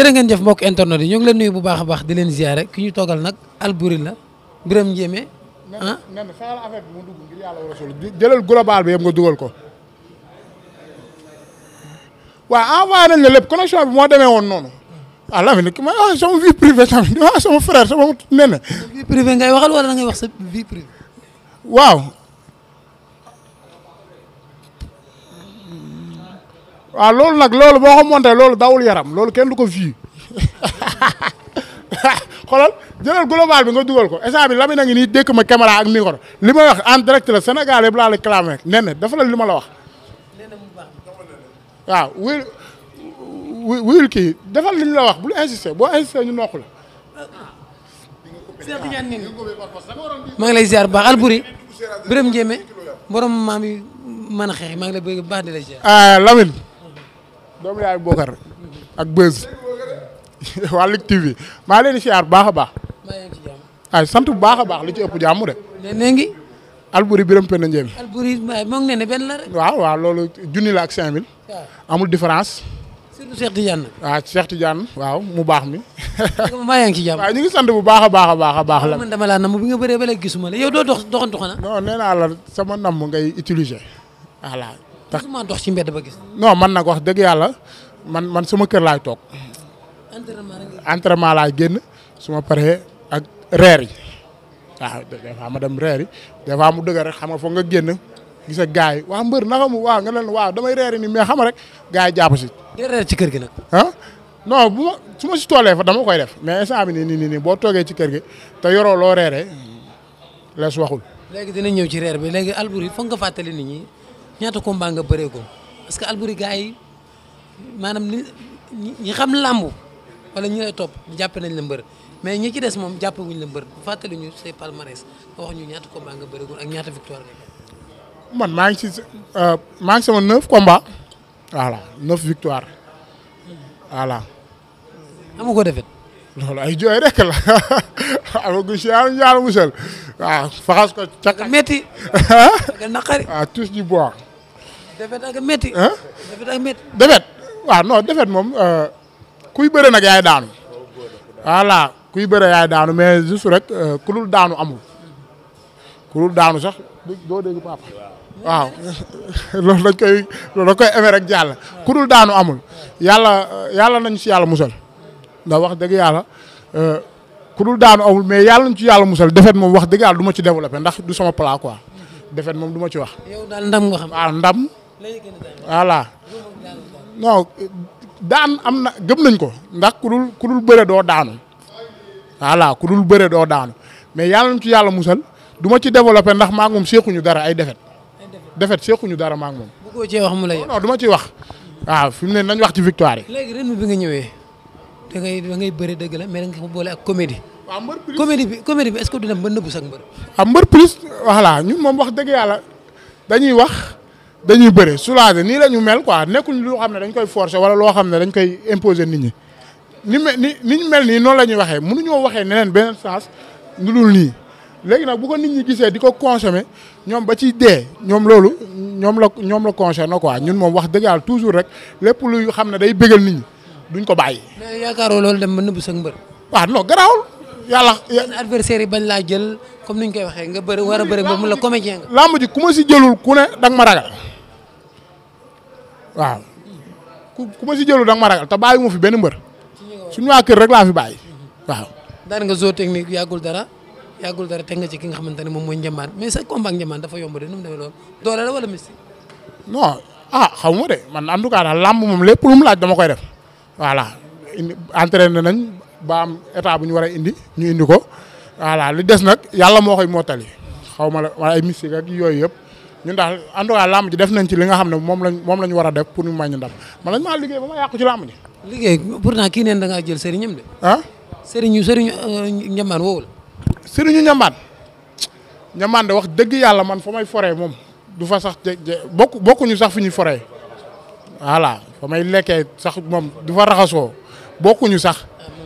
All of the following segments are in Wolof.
jërë ngeen jëf mbokk internet yi ñoo ngi leen nuyu bu baax a baax di leen ziare ki ñu toogal nag Alboury la Birame Ndiémé ah nen saxal affaire bi mu dugg jëlal global bi yëpp nga dugal ko waaw envoyé nañ la lépp connexion bi moo demee woon noonu waaw ah, la ni ma wax ah, sama vie privée tamit di ah, wax sama frère sama nen vie privée ngay waxal wala ngay wax sa vie privée waaw waaw loolu nag loolu boo ko monté loolu dawul yaram loolu kenn du ko fii xoolal jëlal global bi nga dugal ko instant bi Lamine a ngi nii dékk ma caméra ak micro li ma wax en direct la Sénégal yëpp laa la clamé nee li ma la wax. waaw wuyu wuyu kii defal li ñu la wax bul insister boo insister ñu nokku la. maa ngi lay ziar bu baax Albouri Birame Ndiémé borom maam maa ngi lay bëgg bu baax doomu yaay Bokar ak Beuz waa Lutte TV maa leen di siyaar bu baax a baax. ay sant bu baax a baax li ci ëpp jàmm de. nee ngi. Alboury Birame Penda Ndiémi. Alboury moom nee na benn la rek. waaw waaw loolu junni la ak 5000. amul différence. surtout Cheikh Tidiane. waaw waaw mu baax mi. maa yaa ngi ci jàmm. waaw ñu ngi sant bu baax a baax a a baax. la man dama laa namm bi nga bëree ba léegi gisuma la yow doo dox doxantu xanaa. non nee naa la sama namm ngay utiliser voilà. tax mosuma dox ci mbedd gis. non man nag wax dëgg yàlla man man suma kër laay toog. entraînement laay génn su ma paree ak reer yi waaw des ma dem reer yi des mu dëgg rek xam nga foog nga génn gis ak yi waa mbër naka mu waaw nga leen waaw damay reer ni mais xam rek gars yi jàpp si. nga reer ci kër gi nag. ah non bu ma su ma si toolee fa dama koy def mais instant bi nii nii boo toogee ci kër gi te yoroo loo reeree lees waxul. léegi dina ñëw ci reer bi léegi Alboury foog nga fàttali nit ñi. ñaata combat nga bëree ko parce que Alboury gars yi maanaam ni ñi xam làmb wala ñi lay topp jàppe nañ la mbër mais ñi ci des moom jàppe wuñ la mbër bu fàttali ñu say palmarès nga ñu ñaata combat nga bëree ko ak ñaata victoire nga man maa ngi ci euh, maa ngi voilà neuf victoire voilà. amu ko defet loolu ay jooy rek la amagu si yàlla yàlla musal waaw faxas ko caka metti naqari ah bois defet ak métti. defet ak métti. defet waaw moom euh, kuy bëre nag yaay daanu. voilà kuy bëre yaay daanu mais juste rek euh, ku daanu amul. ku dul daanu sax doo dégg papa. waaw loolu dañ koy loolu koy amee rek jàll. ku daanu amul. yàlla yàlla nañ ci yàlla musal. ndax wax dëgg yàlla euh, ku dul daanu amul mais yàlla nañ ci yàlla musal defet moom wax dëgg yàlla du ma ci développé ndax du sama plat quoi. defet moom du ma ci wax. yow ndam nga ndam voilà non daan am na gëm nañ ko ndax ku dul ku dul bëre doo daanu voilà ku dul bëre doo daanu mais yàlla nañ ci yàlla musal du ma ci développé ndax maa moom seekuñu dara ay defet defet seekuñu dara maa ngi moom. bu ko mu lay. non du ma ci wax. waaw fi mu ne nañ wax ci victoire yi. léegi rythme bi nga ñëwee da ngay da ngay bëre dëgg la mais da nga ko boole ak comédie. waaw mbër plus comédie bi comédie bi est-ce que dina mën nëbbu sax mbër. ah mbër plus voilà ñun moom wax dëgg yàlla dañuy wax. dañuy bëre soulager nii la ñu mel quoi nekkuñ loo xam ne dañ koy forcer wala loo xam ne dañ koy imposer nit ñi ni me ni niñ mel nii noonu la ñuy waxee ñoo waxee neneen beneen sens lu dul nii léegi nag bu ko nit ñi gisee di ko consommer ñoom ba ci dee ñoom loolu ñoom la ñoom la concerné quoi ñun moom wax dëgg yàlla toujours rek lépp luy xam ne day bégal nit ñi duñ ko bàyyi. mais yaakaaroo loolu dem ba nëbb sa mbër. waaw non garaawul yàlla. seen adversaire yi bañ laa jël comme ni ñu koy waxee nga bëri war a bëri ba mu la comédien nga. si jëlul ku ne danga ma waaw ku ma si jëlu da nga ma ragal te bàyyi mu fi benn mbër suñu waa kër rek laa fi bàyyi waaw. daan nga zoo technique yàggul dara yàggul dara te nga ci ki nga xamante ne moom mooy njambaan mais sa combat ak njambaan dafa yomb de nu mu demee loolu doole la non ah xaw ma de man en tout cas daal moom lépp lu mu laaj dama koy def voilà indi entraîné nañ ba état bu ñu war indi ñu indi ko voilà li des nag yàlla moo koy mottali xaw ma la ay mystique ak yooyu yëpp. ñun daal en tout ji def nañ ci li nga xam ne moom lañ moom lañ war a def pour ñu may ñu ndam man lañ maa liggéey ba ma yàqu ci làmb ji. liggéey pourtant kii neen da ngaa jël sëriñam de. ah sëriñu sëriñu euh, Njambaan wowul. sëriñu Njambaan Njambaan de wax dëgg yàlla man fa may foree moom du fa sax je je bokkuñu sax fu ñuy foree voilà fa may lekkee sax moom du fa raxasoo bokkuñu sax.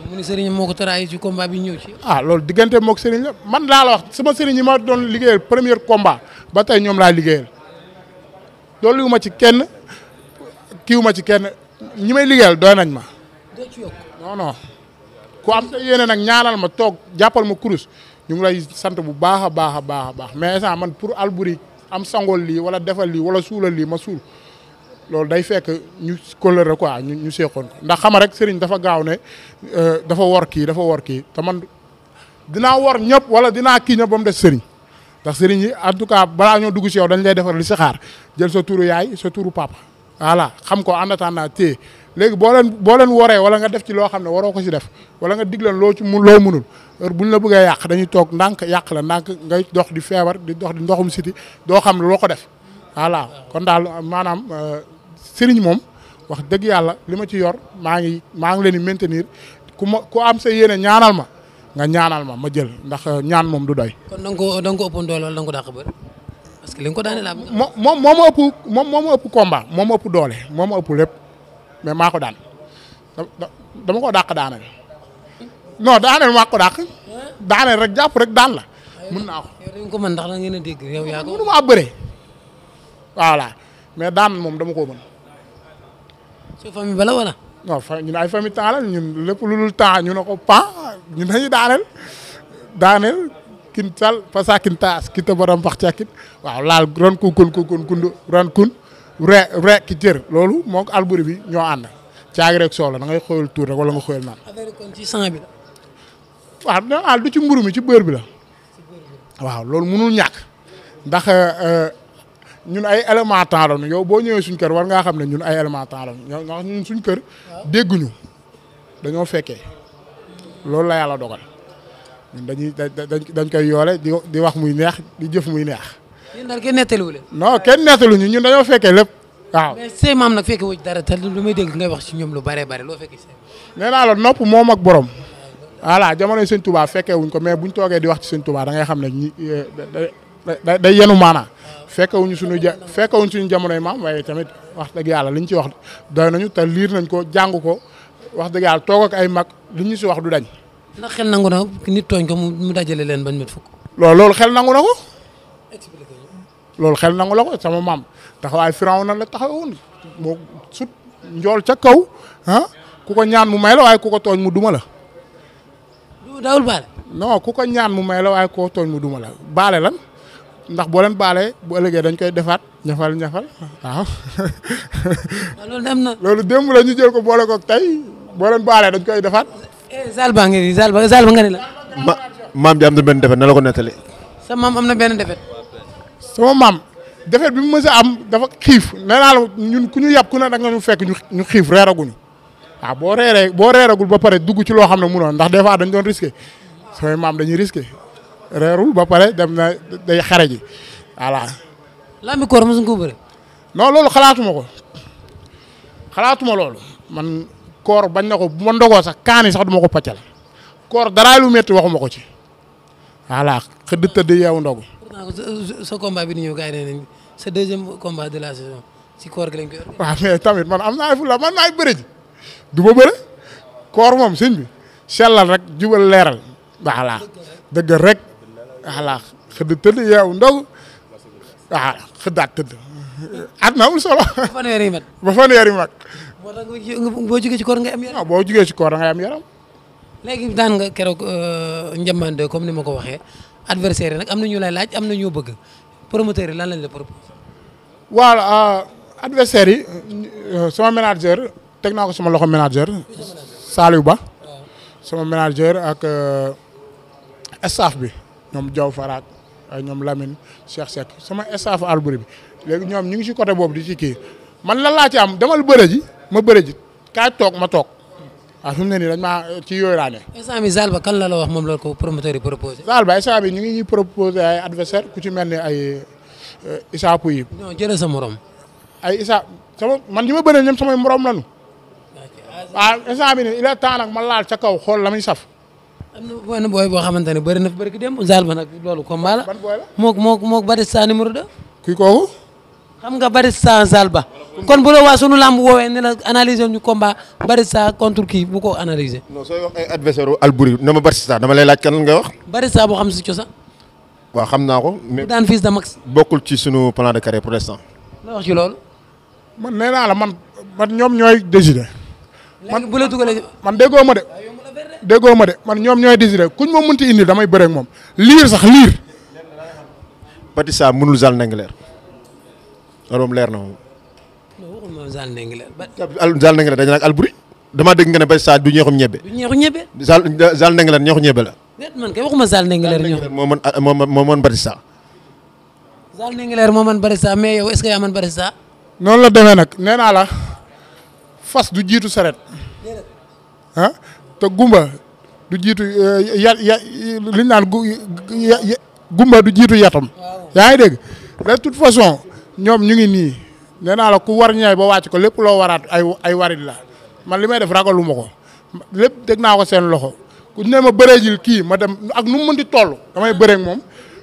mu ni sëriñ moo ko tëraay ci combat bi ñëw ci. ah loolu diggante moog sëriñ la man laal wax suma sëriñ yi ma doon liggéeyal premier combat ba tey ñoom laa liggéeyal loolu wu ma ci kenn kiiwu ma ci kenn ñi may liggéeyal doo nañ ma. doo ci am sa yeneen nag ñaanal ma toog jàppal ma kurus ñu ngi lay sant bu baax a baax a baax a baax mais instant man pour Alboury am sangool lii wala defal lii wala suula lii ma suul. loolu day fekk ñu kóllëre quoi ñu ñu seexoon ko ndax xama rek sëriñ dafa gaaw na euh, dafa wor kii dafa wor kii te man dinaa wor ñëpp wala dinaa kii ñëpp ba mu def sëriñ ndax sëriñ yi en tout cas balaa ñoo dugg si yow dañ lay defar li si jël sa turu yaay sa turu papa voilà xam ko en attendant téye léegi boo leen boo leen woree wala nga def ci loo xam ne waroo ko si def wala nga dig loo ci mun loo munul heure buñ la bëggee yàq dañuy toog ndànk yàq la ndànk ngay dox di feebar di dox di ndoxum siti doo xam loo ko def voilà sëriñ moom wax dëgg yàlla li ma ci yor maa ngi maa ngi leen di maintenir ku ma ku am sa yéene ñaanal ma nga ñaanal ma ma jël ndax euh, ñaan moom du doy. kon da nga ko da ko ëppoon doole parce que li ko daane laa. moom moom moo ma moom moo ëpp combat moo ëpp doole moom ma ëpp lépp mais maa ko daan dama ko dàq daanal non daaneel maa ko dàq daaneel rek jàpp rek daan la. mën naa ko yow ko mën ndax da ngeen a dégg yow yaa ko. mënu mais daan moom dama ko mën. sa famille bala wala. non fa ñun ay famille temps ñun lépp lu dul temps ñu ko pa ñun dañuy daaneel daaneel kin sal fasa kin taas kita borom bax cakit waaw laal ron ku kun ku kun kun kun re re ki jër loolu moog alburi bi ñoo ànd caagi rek soow la da ngay xool tuur rek wala nga xool naan. affaire kon ci ah, du ci mburu mi ci beurre bi la. waaw loolu mënul ñàkk ndax. Euh, ñun ay élément temps lañu yow boo ñëwee suñ kër war ngaa xam ne ñun ay élément temps lañu ñoo nga ñun suñ kër dégguñu dañoo fekkee loolu la yàlla dogal ñun dañuy dañ koy yoole di wax muy neex di jëf muy neex. yéen daal kenn nettaluwu leen. non kenn nettaluñu ñun dañoo fekkee lépp. waaw mais say maam nag fekke wu dara te lu may dégg ngay wax ci ñoom lu bare bare loo fekkee nee naa la nopp moom ak borom voilà jamonoy sëñ Touba fekkee wuñ ko mais buñ toogee di wax ci sëñ Touba da ngay xam ne ñi eh, day yenu maanaa fekkawuñu suñu ja fekkawuñ suñu jamonoy maam waaye tamit wax dëgg yàlla liñ ci wax doy nañu te liir nañ ko jàngu ko wax dëgg yàlla toog ay mag li ñu si wax du dañ. ndax xel nangu na nit tooñ ko mu dajale leen bañ met fukk. loolu loolu xel nangu na ko. loolu xel nangu la ko sama maam taxawaay firaw na la taxawoon moo ca kaw ah ñaan mu may la waaye ku ko tooñ mu duma la. daawul baale. non ku ko ñaan mu may la waaye ku ko tooñ mu duma la baale lan. ndax boo leen baalee bu ëllëgee dañ koy defaat ñafal ñafal waaw. loolu dem na. loolu démb la ñu jël ko boole ko tey boo leen dañ koy defaat. Eh, Zalba ngeen Zalba Zalba nga ne la. ma maam ji am na benn defet na la ko nettali. sa maam am na benn defet. sama maam defet bi mu mës am dafa xiif nee naa ñun ku ñu yàpp ku ne da nga ñu fekk ñu xiif reeraguñu waaw boo reeree boo reere reeragul ba pare dugg ci loo xam ne munoon ndax des fois dañ doon risqué samay maam dañuy risqué. reeru ba pare dem na day xare ji voilà. loolu xalaatuma ko xalaatuma loolu man koor bañ ko bu ma ndogoo sax kaani sax duma ko paccal koor daraay lu métti waxuma ko ci voilà xëdd tëdd yeewu ndogu. sa combat bi de la saison si koor gi lañ ay fula du ma bëre koor moom sëñ sellal rek jubal leeral. voilà dëgg rek. voilà xëdd tëdd yeew ndaw waaw ah, at na amul solo. ba fanweeri mag ba mag. boo jugee ci koor nga am yaram. waaw ah, boo jugee ci koor nga am yaram. léegi daan nga keroog euh, njambaan de comme ni ma ko waxee adversaire nag am na ñu laaj am na ñoo bëgg promoteur yi la proposé. waaw ah, adversaire yi euh, sama manager teg naa ko sama loxo manager. Saliou Ba. sama manager ak euh, staff ñoom Diaw Faraak ñoom Lamine Cheikh Seck sama staff Albury bi léegi ñoom ñu ngi si côté boobu di ci kii man lan laa ci am demal bëre ji ma bëre ji kaay toog ma toog a ah, fi mu ne nii dañ maa ci yooyu laa ne. la wax moom loolu ko promoteur yi proposé. Zalba ñu ngi ñuy proposé ku ci mel ne ay euh, Issa Pouye. non jëlee sa morom. ay Issa man ñi ma bëree ñoom samay morom lañu. waaw ah, instant bi ne ma laal ca kaw xool la am na benn booy boo xamante ne na fi bëri ki dem zaal ba nag loolu combat la. ban booy la mook mook mook Batista xam nga Batista zaal ba. kon bu la waa sunu làmb woowee ne la analyser ñu combat Batista contre kii bu ko analyser. non sooy wax ay adversaire u Albouri na ma Batista dama lay laaj kan nga wax. Batista boo xam si cosaan. waaw xam naa ko. mais daan fils de Max. bokkul ci sunu plan de carrière pour l'instant. la wax ci loolu. man nee naa la man man ñoom ñooy décider. la déggoo ma de man ñoom ñooy désiré kuñ ma mënti indil damay bëreeg moom liir sax liir. Petit Sa mënul Zal Ndingler. loolu leer na moom. non waxul ma Zal Ndingler. Zal Ndingler dañu naan Alboury. damaa dégg nga ne Petit Sa du ñeexum ñebe. du ñeexu ñebe. Zal ñeexu ñebe la. déet man kay waxuma Zal Ndingler ñoom. moo man ah, moo man moo man Petit Sa. Zal Ndingler moo man Petit Sa mais yow est-ce yaa man Petit Sa. noonu la demee nag nee naa la fas du jiitu saret ah te gumba du jiitu eh, ya ya li ñu naan gumba du jiitu yatam. yaa ngi dégg de toute façon ñoom ñu ngi nii nee naa la ku war ñaay ba wàcc ko lépp loo waraat ay ay warit la man li may def ragalu ma ko lépp dégg naa ko seen loxo ku ne ma bëree jil kii ma dem ak nu mu mënti toll damay bëree moom.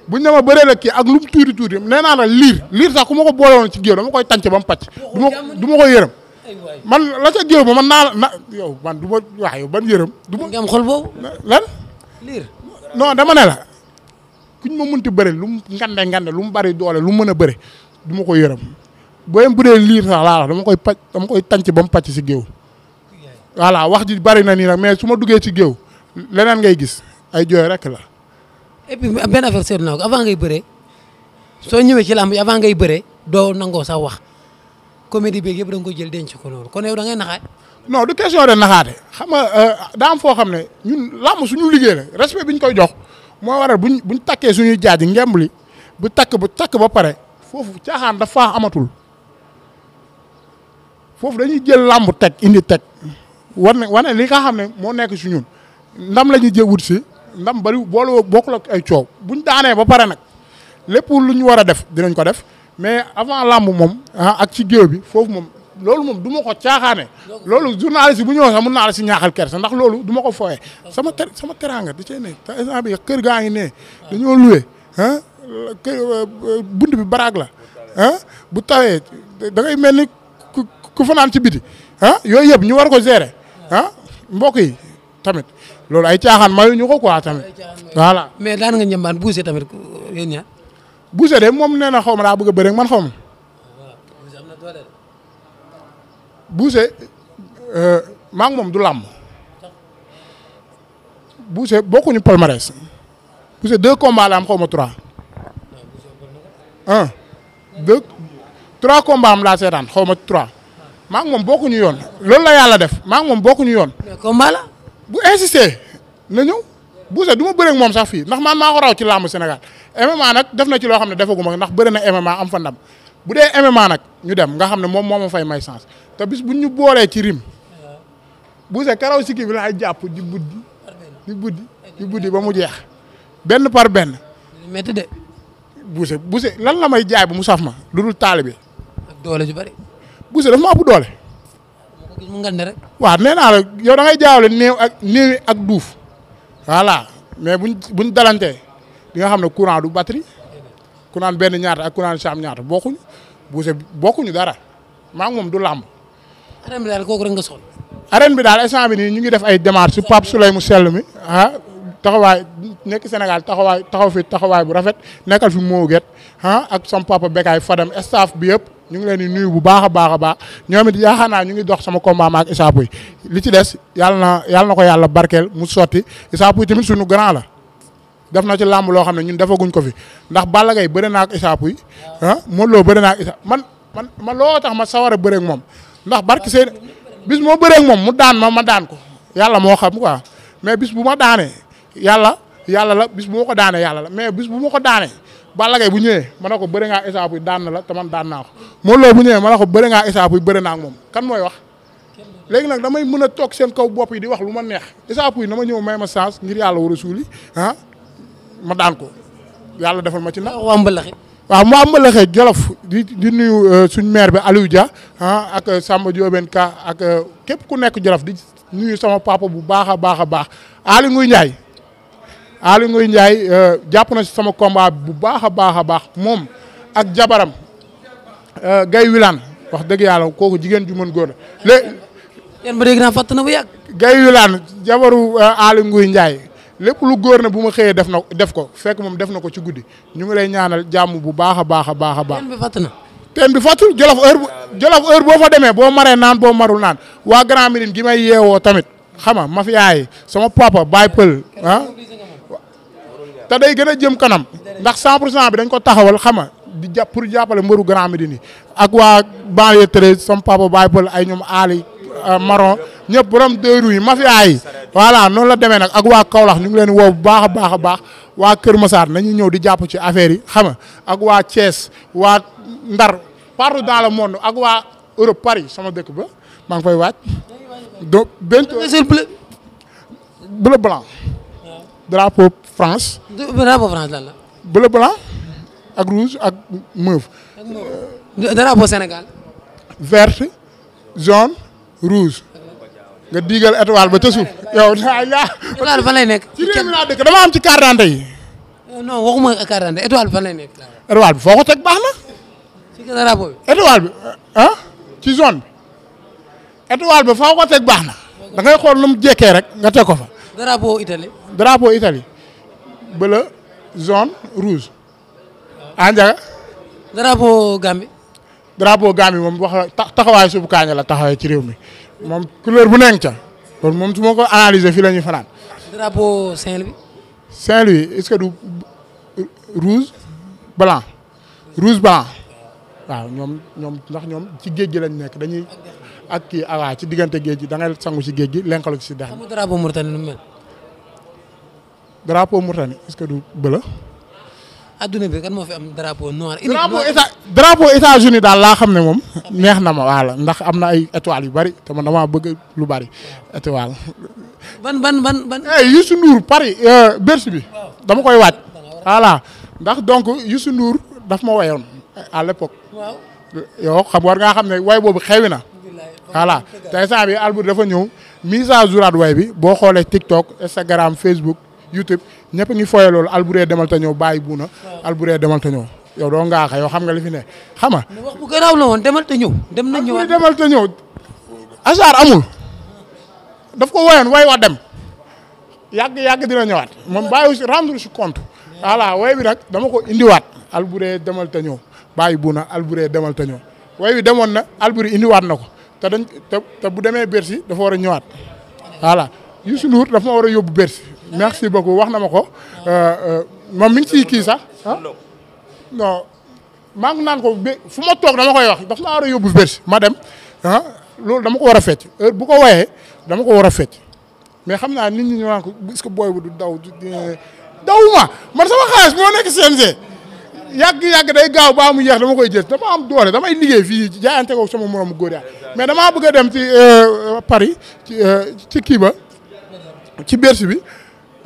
bu ñu demee bëree la kii ak lu mu tuuti tuuti nee naa la liir liir sax ku ma ko boole woon ci géew dama koy tànc ba mu pàcc du ma du ma ko yërëm man la ca géew ba man naa la na yow man du ma wax ban yërëm. du ma am xol boobu. lan. dama ne la kuñ ma munti bëri lu mu ngande ngande lu mu bari doole lu mu mën a bëri du ma ko yërëm booyam bu dee liir sax laa dama koy pàcc dama koy tànc ba mu pàcc si géew. voilà wax ji bari na nii nag mais su ma duggee ci géew leneen ngay gis ay jooy rek la. et puis benn affaire avant ngay bëree soo ñëwee ci làmb avant ngay bëree doo nangoo sax wax. comédie bi yëpp da nga ko jël denc ko loolu kon yow da ngay naxaat. non du question de naxaate xam nga euh, daa foo xam ne ñun làmb suñu liggéey la respect bi ñu koy jox moo waral buñ buñ takkee suñuy jaaji ngemb li bu takk bu takk ba pare foofu caaxaan dafa faa amatul foofu dañuy jël làmb teg indi teg war na war na li nga xam ne moo nekk si ñun ndam la ñuy jë si ndam bari boolu bokkul ak ay coow buñ daanee ba pare nag lépp lu ñu war a def dinañ ko def. mais avant làmb moom ah ak ci géew bi foofu moom loolu moom du ma ko caaxaane loolu journaliste bu ñëw sax mun naa la si ñaaxal kersa ndax loolu du ma ko fooyee sama sama teraanga da cee ne te instant bi kër gaa ngi ne dañoo loué ah euh, bi baraag la ah, bu tawee da ngay mel ni ku fanaan ci biti ah yooyu yëpp ñu war ko gérer ah mbokk yi tamit loolu ay caaxaan mayuñu ko quoi tamit voilà mais daan nga ñëmbaan buuse tamit yéen Boucher de moom nee na xaw ma daa bëgg a bëre man xaw ma. Boucher euh, maa ngi moom du làmm. Boucher bokkuñu palmarès. Boucher deux combats la am xaw ma trois. un deux trois combats am laa seetaan xaw ma trois. maa moom bokkuñu yoon loolu la yàlla def maa ngi moom bokkuñu yoon. bu insister ne ñëw Boucher du ma bëre moom sax fii ndax man maa raw ci làmb Sénégal. MMA nag def na ci loo xam ne defaguma ndax bëri na MMA am fa ndam bu dee MMA nag ñu dem nga xam ne moom moo ma fay may chance te bis bu ñu boolee ci rim bu se karaw sikki bi laay jàpp di buddi di buddi ba mu jeex benn par benn. métti de. buuse buuse lan la may jaay ba mu saf ma lu dul taalibe. ak doole ju bari. buuse dafa ma ëpp doole. mu ngal ne nee naa la yow da ngay jaawale néew ak ak duuf voilà mais buñ buñ dalantee di nga xam ne courant du batterie courant benn ñaata ak courant saam ñaata bokkuñu buuse bokkuñu dara maa ngi moom du làmb. arène bi daal kooku rek nga sonn. arène bi daal instant bi nii ñu ngi def ay démarches su Pape Souley mu sell mi ah taxawaay nekk Sénégal taxawaay taxaw fi taxawaay bu rafet nekkal fi mu get ah ak sama papa Bekay Fadam staff bi yëpp ñu ngi leen di nuyu bu baax a baax a baax ñoom it naa ñu ngi dox sama combat ma ak li ci des yàlla na yàlla na ko yàlla barkeel mu sotti Issa Pouye tamit suñu grand la. def na ci làmb loo xam ne ñun defaguñ ko fi ndax Balla Gaye bëri naa Issa Pouye loo ah, Modou Lo bëri naak Issa man man man loo tax ma sawar a bëre moom ndax barki seen bis moo bëree moom mu daan ma ma daan ko yàlla moo xam quoi mais bis bu ma daanee yàlla yàlla la bis bu ko daanee yàlla la mais bis bu ma ko daanee Balla bu ñëwee ma ne ko bëri ngaa Issa Pouye daan la te man daan naa ko Modou bu ñëwee ma ne ko bëri ngaa Issa Pouye bëri naa moom kan mooy wax léegi nag damay mën a toog seen kaw bopp yi di wax lu ma neex Issa Pouye na ma ñëw may ma chance ngir yàlla war a suuli ah ma daan ko yàlla defal ma ci na waaw mu am mbalaxe jolof di nuyu euh, suñ maire bi Aliou Dia ah ak euh, Samba Diobène Ka ak euh, képp ku nekk jolof di nuyu sama papa bu baax a baax a baax Aly Ngouille Ndiaye Aly Ngouille Ndiaye jàpp na si sama combat bu baax a baax a baax moom ak jabaram Gaye Wilane wax dëgg yàlla kooku jigéen ju mën góor la léegi. yan ba dégg naa fàtt na jabaru Aly Ngouille Ndiaye. lépp lu góor ne bu ma xëyee def na def ko fekk moom def na ko ci guddi ñu ngi lay ñaanal jàmm bu baax a baax a baax a baax. bi fàtt na. teen bi fàttul jolof heure boo fa demee boo maree naan boo marul naan waa Grand Médine gi may yeewoo tamit xam nga ma fi yaay sama papa baay pël ah. te day gën a jëm kanam ndax 100 pour cent bi dañ ko taxawal xam nga di jàpp jàppale mbëru Grand Médine yi ak waa banlieue 13 sama papa baay pël ay ñoom aali Euh, maron ñëpp borom deux roues yi mafia yi noonu la demee nag ak waa Kaolack ñu ngi leen woo baax a baax a baax waa Kër Massar nañu ñëw di jàpp ci affaire yi xam nga ak waa Thiès waa Ndar partout dans le monde ak waa Europe Paris sama dëkk ba maa ngi fay waaj. donc bientôt bleu blanc. drapeau France. drapeau la. bleu blanc ak rouge ak mauve. drapeau Sénégal. verte jaune. rouge nga diigal étoile ba ca suuf yow. étoile fan lay nekk. ci réew ci carte d'identité yi. Euh, non foo ko teg baax na. ci gën rapport bi. étoile euh, ah, ci zone bi bi foo ko teg baax na da xool lu mu jekkee rek nga teg ko fa. drapeau Italie. drapeau zone rouge. ah njaga. drapeau Gambie moom wax tax taxawaay suubu kaaña la taxawee ci réew mi moom couleur bu nekk ca kon moom su ma ko analyser fii lañuy fanaan. drapeau Saint-Louis. Saint-Louis est-ce que du rouge blanc rouge blanc waaw ñoom ñoom ndax ñoom ci géej gi lañ nekk dañuy ak kii awaa ah ci diggante géej gi da ngay sangu ci géej gi lenkalu ci dex. drapeau Mauritanie nu mel. drapeau Mauritanie est-ce que du bleu. adduna bi kan moo fi am drapeau États-Unis daal laa xam ne moom. neex na ma waala ndax am na ay étoiles yu bari te man damaa bëgg lu bari étoile. ban ban ban ban. Youssou Paris euh, Bercy bi. dama koy waaj. voilà ndax donc Youssou Ndour daf ma wayoon euh, à l'époque. waaw xam war ngaa xam ne way boobu xewi na. voilà te saa bi dafa ñëw mise à jour way bi boo xoolee TikTok Instagram Facebook YouTube. ñëpp ngi fooye loolu Alboury demal ta ñëw bàyyi buuna Alboury demal ta ñëw yow doo ngaaxa yow xam nga li fi ne xam nga wax bu garaaw la woon demal ta ñëw dem na ñëw demal ta amul daf ko woyoon wa dem yàgg yàgg dina ñëwaat moom bàyyi si si compte voilà way bi nag dama ko indiwaat Alboury demal ñëw bàyyi buuna Alboury demal ta ñëw way bi demoon na Alboury indiwaat na ko te dañ bu demee Bercy dafa war a ñëwaat voilà Youssou Ndour dafa war a yóbbu Bercy merci beaucoup wax na ma ko euh, euh, moom mi ngi ciy kii sax ah naan ko ba fu ma toog dama koy wax daf maa war a yóbbu bersi ma dem ah dama ko war a fecc bu ko wayee dama ko war a fecc mais xam naa nit ñi ñu naan ko est-ce que booy bu du daw man sama xaalis moo nekk CNG yàgg-yàgg day gaaw baa mu yeex dama koy jël dama am doole damay liggéey fii jaayante sama moromu góor yaa mais damaa bëgg a dem ci euh, Paris ci kii ba ci Bercy bi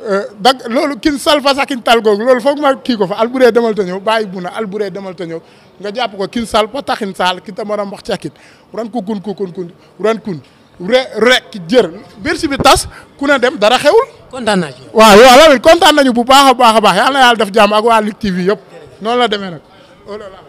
Euh, dag loolu kin sal fa kin tal googu loolu foog ma kii ko fa alburee demal ta ñëw bàyyi bu na alburee demal ta ñëw nga jàpp ko kin sal po taxin sal ki tamaram wax cekit ran ko kun ko kun kun ran kun re rek jër bersi bi tas ku a dem dara xewul kontaan naa ci waaw kontaan nañu bu baax a baax a baax yàlla na yàlla def jàmm ak waa Lutte TV yëpp noonu la demee nag